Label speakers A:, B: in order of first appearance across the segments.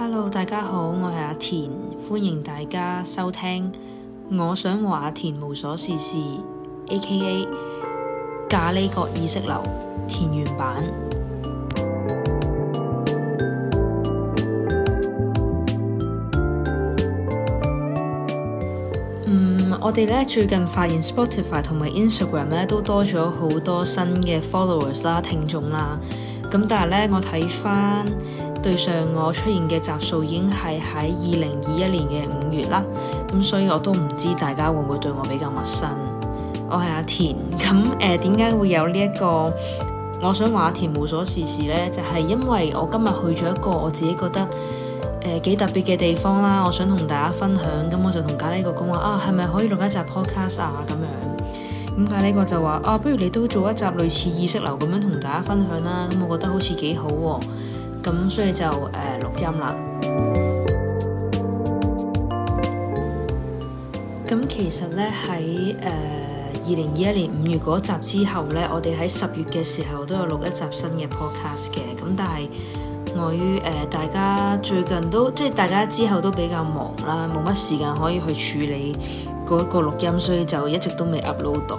A: Hello，大家好，我係阿田，歡迎大家收聽，我想和阿田無所事事，AKA 咖喱角意識流田園篇。嗯，我哋咧最近發現 Spotify 同埋 Instagram 咧都多咗好多新嘅 followers 啦、聽眾啦。咁但係咧，我睇返。對上我出現嘅集數已經係喺二零二一年嘅五月啦，咁所以我都唔知大家會唔會對我比較陌生。我係阿田咁誒，點解、呃、會有呢、這、一個？我想話阿田無所事事呢，就係、是、因為我今日去咗一個我自己覺得誒幾、呃、特別嘅地方啦。我想同大家分享，咁我就同咖喱角講話啊，係咪可以錄一集 podcast 啊？咁樣咁咖喱角就話啊，不如你都做一集類似意識流咁樣同大家分享啦。咁我覺得好似幾好喎、啊。咁所以就誒、呃、錄音啦。咁其實呢，喺誒二零二一年五月嗰集之後呢，我哋喺十月嘅時候都有錄一集新嘅 podcast 嘅。咁但係礙於誒、呃、大家最近都即係大家之後都比較忙啦，冇乜時間可以去處理嗰個錄音，所以就一直都未 upload 到。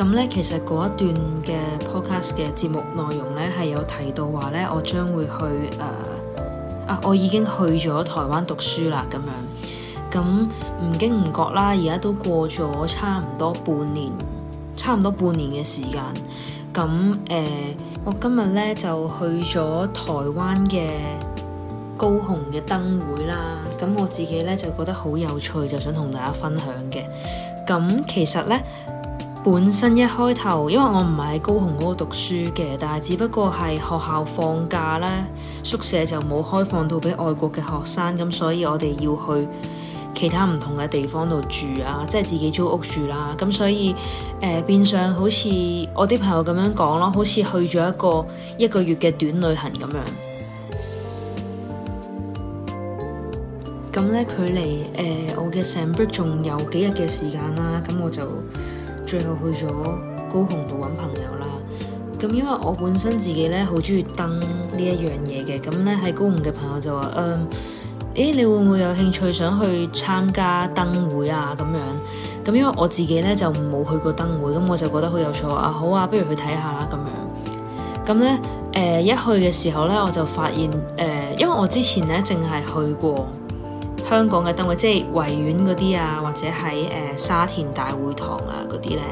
A: 咁咧，其實嗰一段嘅 podcast 嘅節目內容咧，係有提到話咧，我將會去誒、呃、啊，我已經去咗台灣讀書啦，咁樣。咁唔經唔覺啦，而家都過咗差唔多半年，差唔多半年嘅時間。咁誒、呃，我今日咧就去咗台灣嘅高雄嘅燈會啦。咁我自己咧就覺得好有趣，就想同大家分享嘅。咁其實咧～本身一開頭，因為我唔係喺高雄嗰度讀書嘅，但係只不過係學校放假啦，宿舍就冇開放到俾外國嘅學生，咁所以我哋要去其他唔同嘅地方度住啊，即係自己租屋住啦、啊，咁所以誒、呃、變相好似我啲朋友咁樣講咯，好似去咗一個一個月嘅短旅行咁樣。咁咧距離誒、呃、我嘅 spring break 仲有幾日嘅時間啦、啊，咁我就。最後去咗高雄度搵朋友啦，咁因為我本身自己呢好中意燈呢一樣嘢嘅，咁呢喺高雄嘅朋友就話，誒、呃，你會唔會有興趣想去參加燈會啊？咁樣，咁因為我自己呢就冇去過燈會，咁我就覺得好有錯啊，好啊，不如去睇下啦咁樣，咁呢，誒、呃，一去嘅時候呢，我就發現，誒、呃，因為我之前呢淨係去過。香港嘅燈會，即係維園嗰啲啊，或者喺誒、呃、沙田大會堂啊嗰啲呢。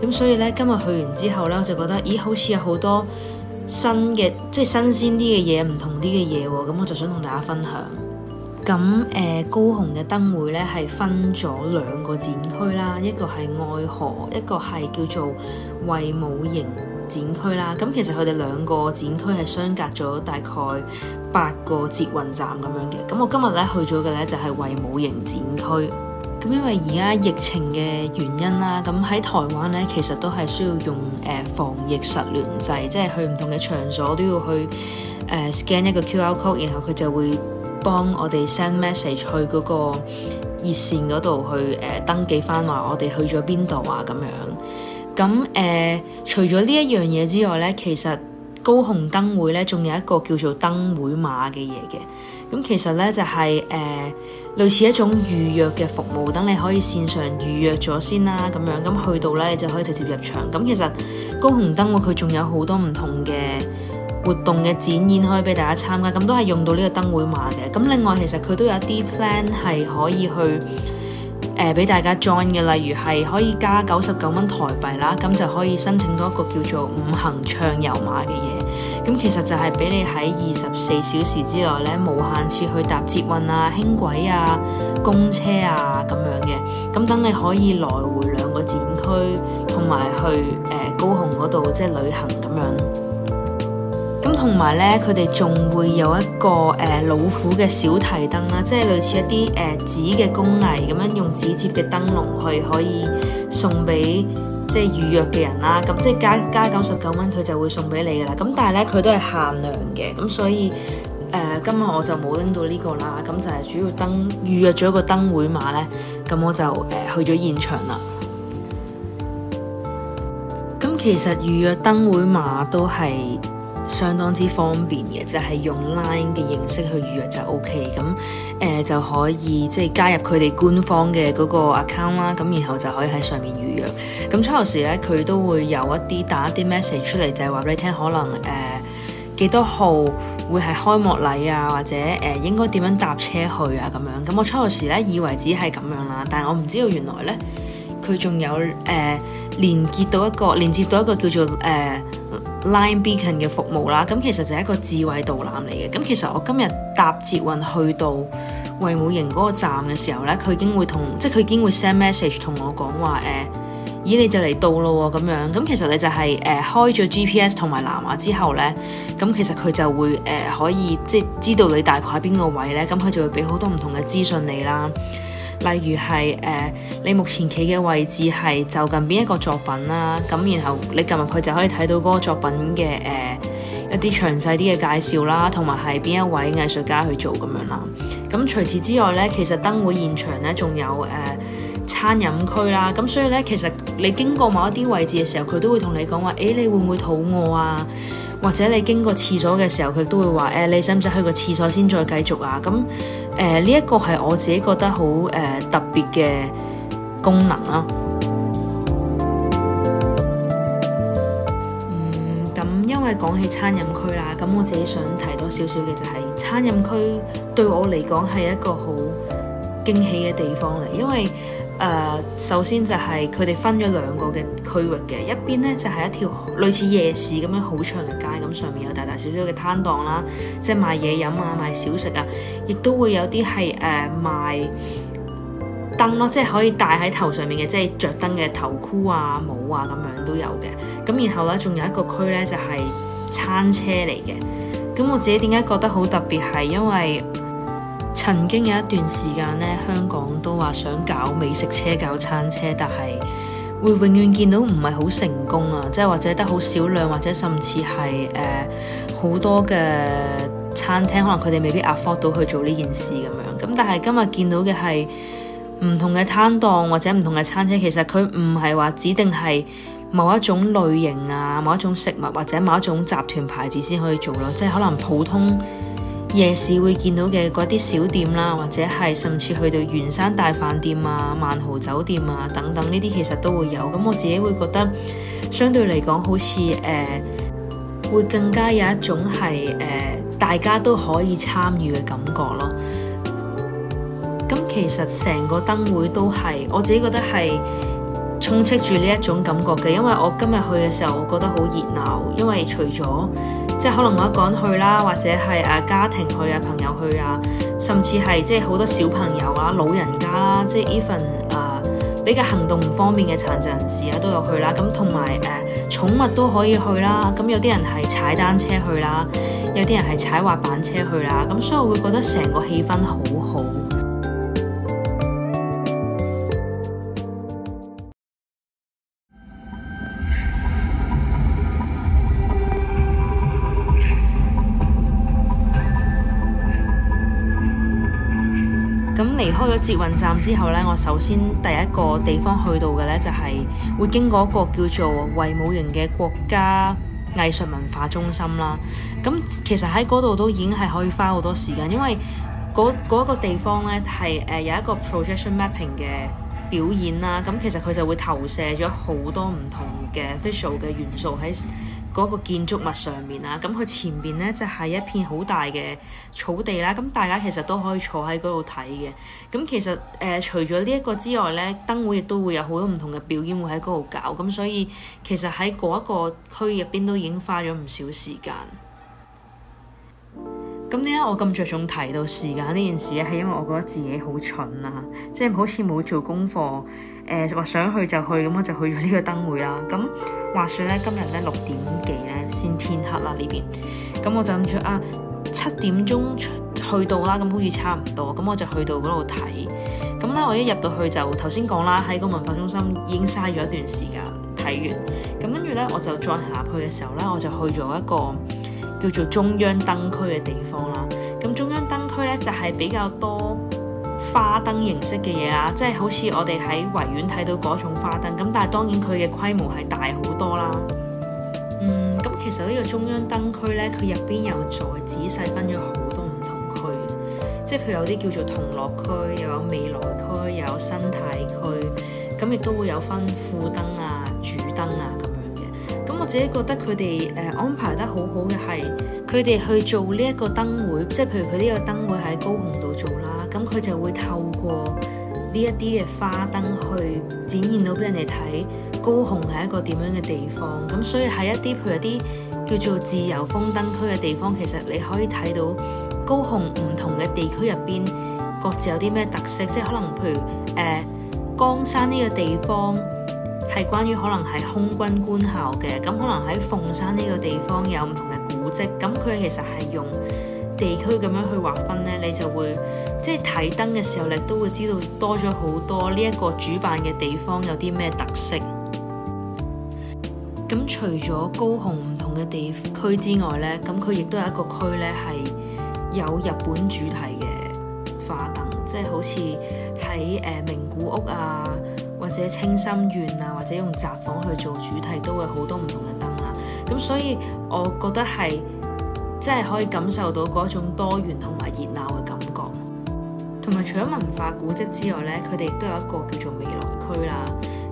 A: 咁所以呢，今日去完之後呢，我就覺得，咦，好似有好多新嘅，即係新鮮啲嘅嘢，唔同啲嘅嘢喎。咁我就想同大家分享。咁誒、呃，高雄嘅燈會呢，係分咗兩個展區啦，一個係愛河，一個係叫做衛武營展區啦。咁其實佢哋兩個展區係相隔咗大概。八個捷運站咁樣嘅，咁我今日咧去咗嘅咧就係衛武營展區。咁因為而家疫情嘅原因啦，咁喺台灣咧其實都係需要用誒、呃、防疫實聯制，即係去唔同嘅場所都要去誒 scan、呃、一個 QR code，然後佢就會幫我哋 send message 去嗰個熱線嗰度去誒、呃、登記翻話我哋去咗邊度啊咁樣。咁誒、呃、除咗呢一樣嘢之外咧，其實高雄燈會咧，仲有一個叫做燈會碼嘅嘢嘅，咁其實咧就係、是、誒、呃、類似一種預約嘅服務，等你可以線上預約咗先啦，咁樣咁去到咧，你就可以直接入場。咁其實高雄燈會佢仲有好多唔同嘅活動嘅展演可以俾大家參加，咁都係用到呢個燈會碼嘅。咁另外其實佢都有一啲 plan 係可以去誒俾、呃、大家 join 嘅，例如係可以加九十九蚊台幣啦，咁就可以申請到一個叫做五行暢遊碼嘅嘢。咁其實就係俾你喺二十四小時之內咧無限次去搭捷運啊、輕軌啊、公車啊咁樣嘅，咁等你可以來回兩個展區，同埋去誒、呃、高雄嗰度即係旅行咁樣。咁同埋咧，佢哋仲會有一個誒、呃、老虎嘅小提燈啦，即係類似一啲誒紙嘅工藝咁樣，用紙接嘅燈籠去可以送俾。即係預約嘅人啦，咁即係加加九十九蚊，佢就會送俾你噶啦。咁但係呢，佢都係限量嘅，咁所以誒、呃，今日我就冇拎到呢個啦。咁就係主要登預約咗個燈會碼呢。咁我就誒、呃、去咗現場啦。咁其實預約燈會碼都係。相當之方便嘅，就係、是、用 Line 嘅形式去預約就 O K。咁誒就可以即係、呃就是、加入佢哋官方嘅嗰個 account 啦。咁然後就可以喺上面預約。咁初頭時咧，佢都會有一啲打一啲 message 出嚟，就係、是、話俾你聽可能誒、呃、幾多號會係開幕禮啊，或者誒、呃、應該點樣搭車去啊咁樣。咁我初頭時咧以為只係咁樣啦，但我唔知道原來咧佢仲有誒、呃、連結到一個連接到一個叫做誒、呃 Line Beacon 嘅服務啦，咁其實就係一個智慧導覽嚟嘅。咁其實我今日搭捷運去到衛武營嗰個站嘅時候咧，佢已經會同，即係佢已經會 send message 同我講話誒，咦、欸、你就嚟到咯喎咁樣。咁其實你就係、是、誒、呃、開咗 GPS 同埋藍牙之後咧，咁其實佢就會誒、呃、可以即係知道你大概喺邊個位咧，咁佢就會俾好多唔同嘅資訊你啦。例如係誒、呃，你目前企嘅位置係就近邊一個作品啦，咁然後你撳入去就可以睇到嗰個作品嘅誒、呃、一啲詳細啲嘅介紹啦，同埋係邊一位藝術家去做咁樣啦。咁除此之外呢，其實燈會現場呢，仲有誒、呃、餐飲區啦，咁所以呢，其實你經過某一啲位置嘅時候，佢都會同你講話，誒、欸、你會唔會肚餓啊？或者你經過廁所嘅時候，佢都會話：誒、哎，你想唔想去個廁所先再繼續啊？咁誒，呢、呃、一、這個係我自己覺得好誒、呃、特別嘅功能啦、啊嗯。嗯、咁、嗯、因為講起餐飲區啦，咁我自己想提多少少嘅就係、是、餐飲區對我嚟講係一個好驚喜嘅地方嚟，因為誒、呃、首先就係佢哋分咗兩個嘅區域嘅，一邊呢就係、是、一條。類似夜市咁樣好長嘅街，咁上面有大大小小嘅攤檔啦，即係賣嘢飲啊、賣小食啊，亦都會有啲係誒賣燈咯，即係可以戴喺頭上面嘅，即係着燈嘅頭箍啊、帽啊咁樣都有嘅。咁然後呢，仲有一個區呢，就係餐車嚟嘅。咁我自己點解覺得好特別係因為曾經有一段時間呢，香港都話想搞美食車、搞餐車，但係。會永遠見到唔係好成功啊，即係或者得好少量，或者甚至係誒好多嘅餐廳，可能佢哋未必 afford 到去做呢件事咁樣。咁但係今日見到嘅係唔同嘅攤檔或者唔同嘅餐廳，其實佢唔係話指定係某一種類型啊、某一種食物或者某一種集團牌子先可以做咯，啊，即係可能普通。夜市會見到嘅嗰啲小店啦，或者係甚至去到圓山大飯店啊、萬豪酒店啊等等，呢啲其實都會有。咁我自己會覺得相對嚟講，好似誒、呃、會更加有一種係誒、呃、大家都可以參與嘅感覺咯。咁其實成個燈會都係我自己覺得係充斥住呢一種感覺嘅。因為我今日去嘅時候，我覺得好熱鬧，因為除咗即係可能我一個人去啦，或者係誒家庭去啊、朋友去啊，甚至係即係好多小朋友啊、老人家啦，即係 even 誒比較行動唔方便嘅殘疾人士啊都有去啦。咁同埋誒寵物都可以去啦。咁有啲人係踩單車去啦，有啲人係踩滑板車去啦。咁所以我會覺得成個氣氛好好。捷運站之後呢，我首先第一個地方去到嘅呢，就係會經過一個叫做衛武營嘅國家藝術文化中心啦。咁其實喺嗰度都已經係可以花好多時間，因為嗰、嗰個地方呢係誒有一個 projection mapping 嘅表演啦。咁其實佢就會投射咗好多唔同嘅 visual 嘅元素喺嗰個建築物上面啊，咁佢前邊呢就係、是、一片好大嘅草地啦，咁大家其實都可以坐喺嗰度睇嘅。咁其實誒、呃，除咗呢一個之外呢，燈會亦都會有好多唔同嘅表演會喺嗰度搞，咁所以其實喺嗰一個區入邊都已經花咗唔少時間。咁點解我咁着重提到時間呢件事咧？係因為我覺得自己好蠢啊，即係好似冇做功課，誒、呃、或想去就去咁，我就去咗呢個燈會啦。咁話說咧，今日咧六點幾咧先天黑啦呢邊，咁我就諗住啊七點鐘去，去到啦，咁好似差唔多，咁我就去到嗰度睇。咁咧我一入到去就頭先講啦，喺個文化中心已經嘥咗一段時間睇完。咁跟住咧我就再行入去嘅時候咧，我就去咗一個。叫做中央燈區嘅地方啦，咁中央燈區呢，就係、是、比較多花燈形式嘅嘢啦，即、就、係、是、好似我哋喺維園睇到嗰種花燈，咁但係當然佢嘅規模係大好多啦。嗯，咁其實呢個中央燈區呢，佢入邊又再仔細分咗好多唔同區，即係譬如有啲叫做同樂區，又有，有未來區，又有，有生態區，咁亦都會有分副燈啊、主燈啊。自己覺得佢哋誒安排得好好嘅係，佢哋去做呢一個燈會，即係譬如佢呢個燈會喺高雄度做啦，咁佢就會透過呢一啲嘅花燈去展現到俾人哋睇高雄係一個點樣嘅地方。咁所以喺一啲譬如啲叫做自由風燈區嘅地方，其實你可以睇到高雄唔同嘅地區入邊各自有啲咩特色，即係可能譬如誒、呃、江山呢個地方。係關於可能係空軍官校嘅，咁可能喺鳳山呢個地方有唔同嘅古跡，咁佢其實係用地區咁樣去劃分呢，你就會即係睇燈嘅時候你都會知道多咗好多呢一個主辦嘅地方有啲咩特色。咁除咗高雄唔同嘅地區之外呢，咁佢亦都有一個區呢，係有日本主題嘅花燈，即係好似喺誒名古屋啊，或者清心院啊，或者用雜房去做主題，都會好多唔同嘅燈啦。咁所以我覺得係，真係可以感受到嗰種多元同埋熱鬧嘅感覺。同埋除咗文化古蹟之外呢，佢哋都有一個叫做未來區啦。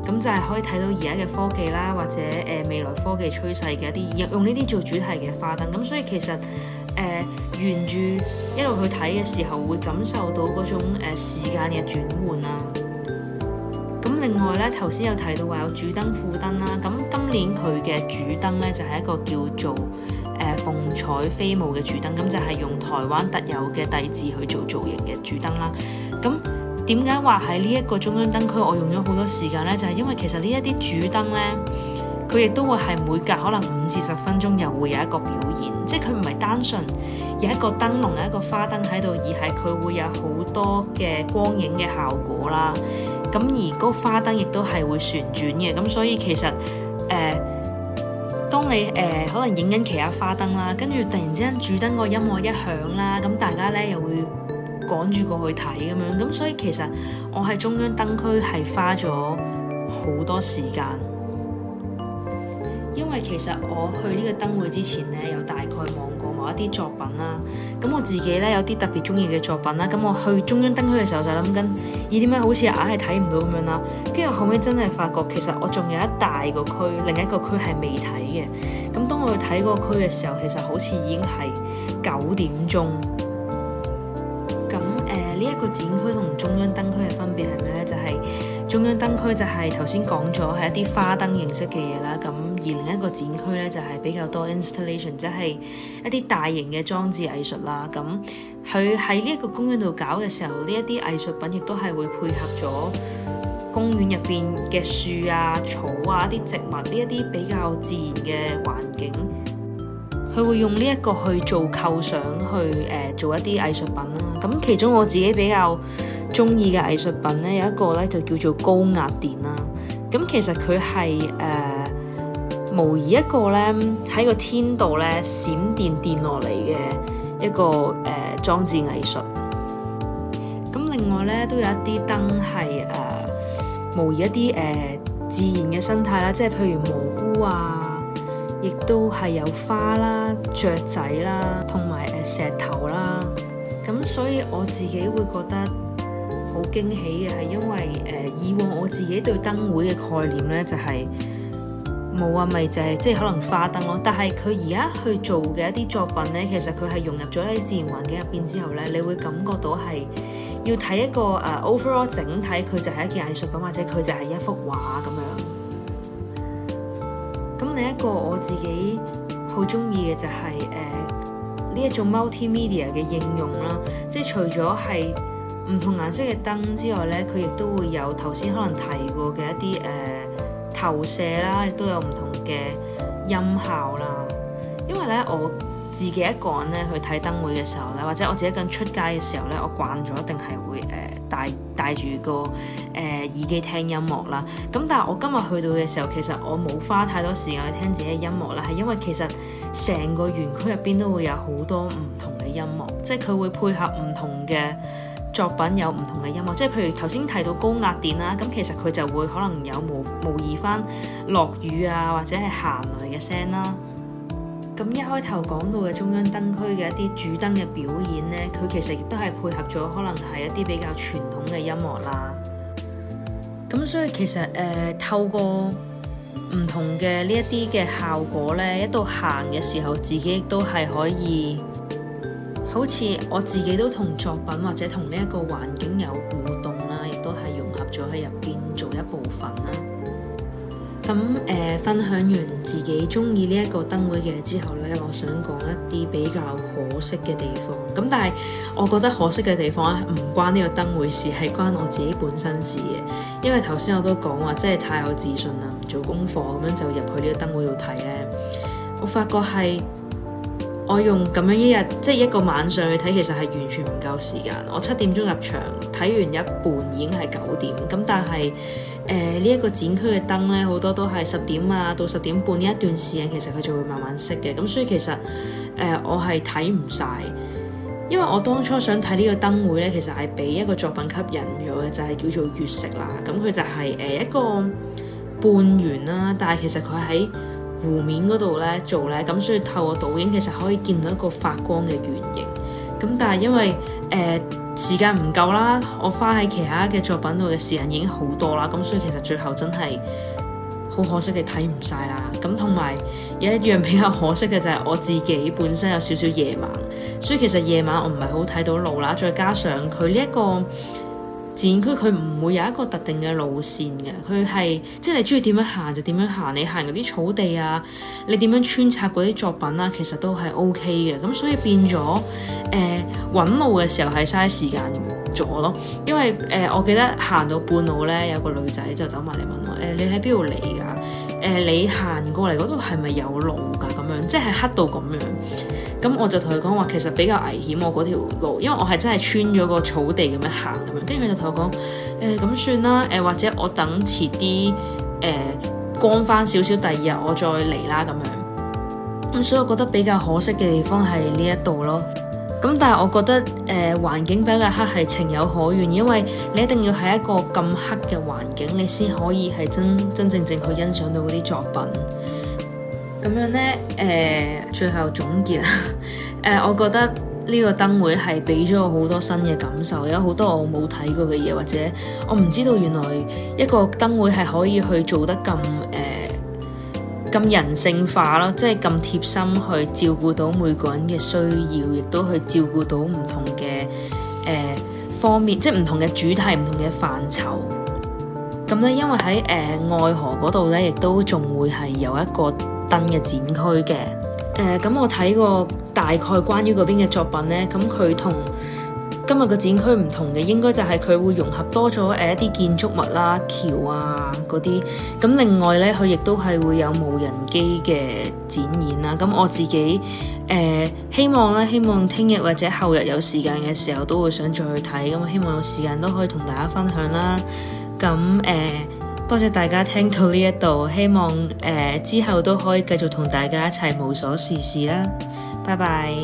A: 咁就係可以睇到而家嘅科技啦，或者誒、呃、未來科技趨勢嘅一啲用呢啲做主題嘅花燈。咁所以其實誒、呃、沿住一路去睇嘅時候，會感受到嗰種誒、呃、時間嘅轉換啊。另外咧，頭先有提到話有主燈、副燈啦。咁今年佢嘅主燈咧就係、是、一個叫做誒、呃、鳳彩飛舞嘅主燈，咁就係用台灣特有嘅帝雉去做造型嘅主燈啦。咁點解話喺呢一個中央燈區，我用咗好多時間咧？就係、是、因為其實呢一啲主燈咧，佢亦都會係每隔可能五至十分鐘又會有一個表現，即係佢唔係單純有一個燈籠、有一個花燈喺度，而係佢會有好多嘅光影嘅效果啦。咁而個花燈亦都係會旋轉嘅，咁所以其實誒、呃、當你誒、呃、可能影緊其他花燈啦，跟住突然之間主燈個音樂一響啦，咁大家咧又會趕住過去睇咁樣，咁所以其實我喺中央燈區係花咗好多時間，因為其實我去呢個燈會之前咧，有大概望。一啲作品啦，咁我自己咧有啲特別中意嘅作品啦，咁我去中央燈區嘅時候就諗緊，咦點解好似硬係睇唔到咁樣啦？跟住後尾真係發覺，其實我仲有一大個區，另一個區係未睇嘅。咁當我去睇嗰個區嘅時候，其實好似已經係九點鐘。咁誒，呢一個展區同中央燈區嘅分別係咩咧？就係中央燈區就係頭先講咗係一啲花燈形式嘅嘢啦。咁。而另一個展區咧就係比較多 installation，即係一啲大型嘅裝置藝術啦。咁佢喺呢一個公園度搞嘅時候，呢一啲藝術品亦都係會配合咗公園入邊嘅樹啊、草啊、啲植物呢一啲比較自然嘅環境。佢會用呢一個去做構想，去誒、呃、做一啲藝術品啦。咁其中我自己比較鍾意嘅藝術品咧有一個咧就叫做高壓電啦。咁其實佢係誒。呃模擬一個咧喺個天度咧閃電電落嚟嘅一個誒裝、呃、置藝術。咁另外咧都有一啲燈係誒模擬一啲誒、呃、自然嘅生態啦，即係譬如蘑菇啊，亦都係有花啦、啊、雀仔啦、啊，同埋誒石頭啦、啊。咁所以我自己會覺得好驚喜嘅，係因為誒、呃、以往我自己對燈會嘅概念咧就係、是。冇啊，咪就係、是、即係可能花燈咯。但係佢而家去做嘅一啲作品咧，其實佢係融入咗喺自然環境入邊之後咧，你會感覺到係要睇一個誒、uh, overall 整體，佢就係一件藝術品，或者佢就係一幅畫咁樣。咁另一個我自己好中意嘅就係誒呢一種 multimedia 嘅應用啦，即係除咗係唔同顏色嘅燈之外咧，佢亦都會有頭先可能提過嘅一啲誒。Uh, 投射啦，亦都有唔同嘅音效啦。因為咧我自己一個人咧去睇燈會嘅時候咧，或者我自己一個人出街嘅時候咧，我慣咗一定係會誒帶帶住個誒、呃、耳機聽音樂啦。咁但係我今日去到嘅時候，其實我冇花太多時間去聽自己嘅音樂啦，係因為其實成個園區入邊都會有好多唔同嘅音樂，即係佢會配合唔同嘅。作品有唔同嘅音樂，即係譬如頭先提到高壓電啦，咁其實佢就會可能有模模擬翻落雨啊，或者係行雷嘅聲啦。咁一開頭講到嘅中央燈區嘅一啲主燈嘅表演呢，佢其實亦都係配合咗可能係一啲比較傳統嘅音樂啦。咁所以其實誒、呃、透過唔同嘅呢一啲嘅效果呢，一到行嘅時候，自己都係可以。好似我自己都同作品或者同呢一個環境有互動啦，亦都係融合咗喺入邊做一部分啦。咁誒、呃，分享完自己中意呢一個燈會嘅之後呢，我想講一啲比較可惜嘅地方。咁但係我覺得可惜嘅地方咧，唔關呢個燈會事，係關我自己本身事嘅。因為頭先我都講話真係太有自信啦，唔做功課咁樣就入去呢個燈會度睇呢，我發覺係。我用咁樣一日，即係一個晚上去睇，其實係完全唔夠時間。我七點鐘入場，睇完一半已經係九點。咁但係誒呢一個展區嘅燈咧，好多都係十點啊到十點半呢一段時間，其實佢就會慢慢熄嘅。咁所以其實誒我係睇唔晒，因為我當初想睇呢個燈會咧，其實係俾一個作品吸引咗嘅，就係叫做月食啦。咁佢就係誒一個半圓啦，但係其實佢喺湖面嗰度咧做咧，咁所以透過倒影其實可以見到一個發光嘅圓形。咁但係因為誒、呃、時間唔夠啦，我花喺其他嘅作品度嘅時間已經好多啦，咁所以其實最後真係好可惜嘅睇唔晒啦。咁同埋有一樣比較可惜嘅就係我自己本身有少少夜盲，所以其實夜晚我唔係好睇到路啦。再加上佢呢一個展區佢唔會有一個特定嘅路線嘅，佢係即係你中意點樣行就點樣行，你行嗰啲草地啊，你點樣穿插嗰啲作品啊，其實都係 OK 嘅。咁所以變咗誒揾路嘅時候係嘥時間咗咯，因為誒、呃、我記得行到半路咧，有個女仔就走埋嚟問我誒、呃、你喺邊度嚟㗎？誒、呃、你行過嚟嗰度係咪有路㗎？咁樣即係黑到咁樣。咁我就同佢講話，其實比較危險，我嗰條路，因為我係真係穿咗個草地咁樣行咁樣，跟住佢就同我講，誒、呃、咁算啦，誒、呃、或者我等遲啲，誒、呃、光翻少少，第二日我再嚟啦咁樣。咁、嗯、所以我覺得比較可惜嘅地方係呢一度咯。咁、嗯、但係我覺得誒、呃、環境比較黑係情有可原，因為你一定要喺一個咁黑嘅環境，你先可以係真真正正去欣賞到嗰啲作品。咁樣呢，誒、呃，最後總結啊，誒、呃，我覺得呢個燈會係俾咗我好多新嘅感受，有好多我冇睇過嘅嘢，或者我唔知道原來一個燈會係可以去做得咁誒咁人性化咯，即係咁貼心去照顧到每個人嘅需要，亦都去照顧到唔同嘅誒、呃、方面，即係唔同嘅主題、唔同嘅範疇。咁呢，因為喺誒愛河嗰度呢，亦都仲會係有一個燈嘅展區嘅，誒、呃，咁我睇過大概關於嗰邊嘅作品呢。咁佢同今日個展區唔同嘅，應該就係佢會融合多咗誒一啲建築物啦、啊、橋啊嗰啲，咁另外呢，佢亦都係會有無人機嘅展現啦、啊。咁我自己誒希望咧，希望聽日或者後日有時間嘅時候，都會想再去睇，咁希望有時間都可以同大家分享啦。咁誒。呃多謝大家聽到呢一度，希望，呃，之後都可以繼續同大家一齊無所事事啦，拜拜。